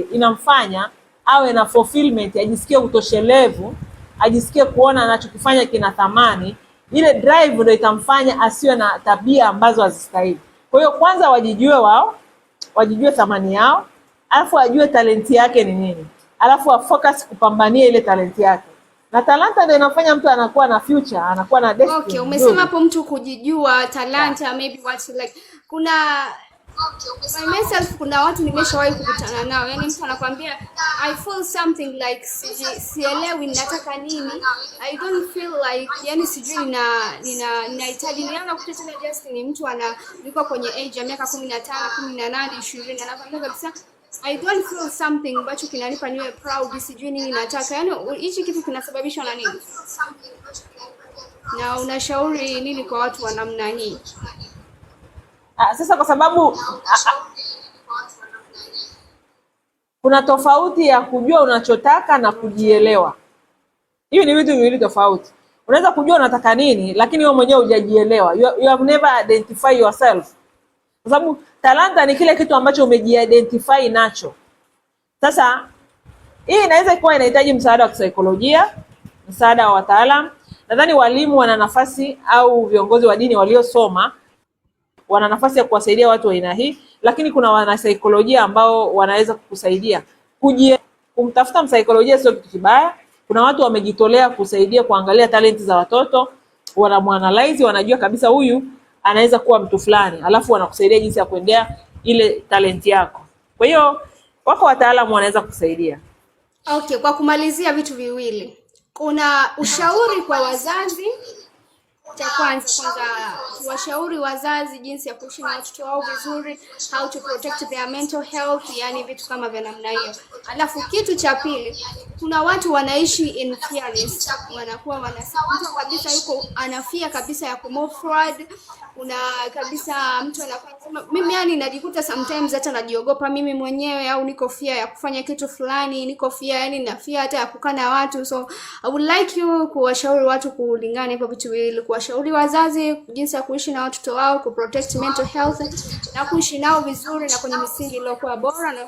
inamfanya awe na fulfillment, ajisikie utoshelevu, ajisikie kuona anachokifanya kina thamani. Ile drive ndio itamfanya asiwe na tabia ambazo hazistahili. Kwa hiyo kwanza wajijue wao, wajijue thamani yao, alafu ajue talenti yake ni nini, alafu afocus kupambania ile talenti yake na talanta ndio inafanya mtu anakuwa na future, anakuwa na destiny. Okay, umesema hapo mtu kujijua talanta, yeah. Maybe what like kuna My myself kuna watu nimeshawahi kukutana nao, yaani mtu anakuambia I feel something like si, sielewi nataka nini, I don't feel like, yani sijui na nina ninahitaji nilianza kukuta tena just ni mtu ana yuko kwenye age ya miaka 15, 18, 20 anakwambia kabisa I don't feel something ambacho kinanipa niwe proud, sijui nini nataka. Yaani hichi kitu kinasababishwa na nini? Na unashauri nini kwa watu wa namna hii? Ah, sasa kwa sababu ah, ah, kuna tofauti ya kujua unachotaka na kujielewa. Hivi ni vitu viwili tofauti. Unaweza kujua unataka nini, lakini wewe mwenyewe hujajielewa. You, you have never identify yourself, kwa sababu talanta ni kile kitu ambacho umejiidentify nacho. Sasa hii inaweza kuwa inahitaji msaada wa kisaikolojia, msaada wa wataalam. Nadhani walimu wana nafasi au viongozi wa dini waliosoma wana nafasi ya kuwasaidia watu wa aina hii, lakini kuna wanasaikolojia ambao wanaweza kukusaidia kujie. Kumtafuta msaikolojia sio kitu kibaya. Kuna watu wamejitolea kusaidia kuangalia talenti za watoto, wanamwanalaizi, wanajua kabisa huyu anaweza kuwa mtu fulani, alafu wanakusaidia jinsi ya kuendea ile talenti yako. Kwa hiyo wako wataalamu wanaweza kukusaidia. Okay, kwa kumalizia vitu viwili, kuna ushauri kwa wazazi kwanza kwanza kuwashauri wazazi jinsi ya kuishi na watoto wao vizuri, how to protect their mental health, yani vitu kama vya namna hiyo. Alafu kitu cha pili, kuna watu wanaishi in fearless, wanakuwa wanasema kabisa yuko anafia kabisa ya kumove forward. Kuna kabisa mtu anakuwa mimi, yani najikuta sometimes hata najiogopa mimi mwenyewe, au niko fia ya kufanya kitu fulani, niko fia yani na fia hata ya kukaa na watu, so I would like you kuwashauri watu kulingana hivyo vitu viwili, kuwashauri kuwashauri wazazi jinsi ya kuishi na watoto wao, protect mental health na kuishi nao vizuri na kwenye misingi iliyokuwa bora.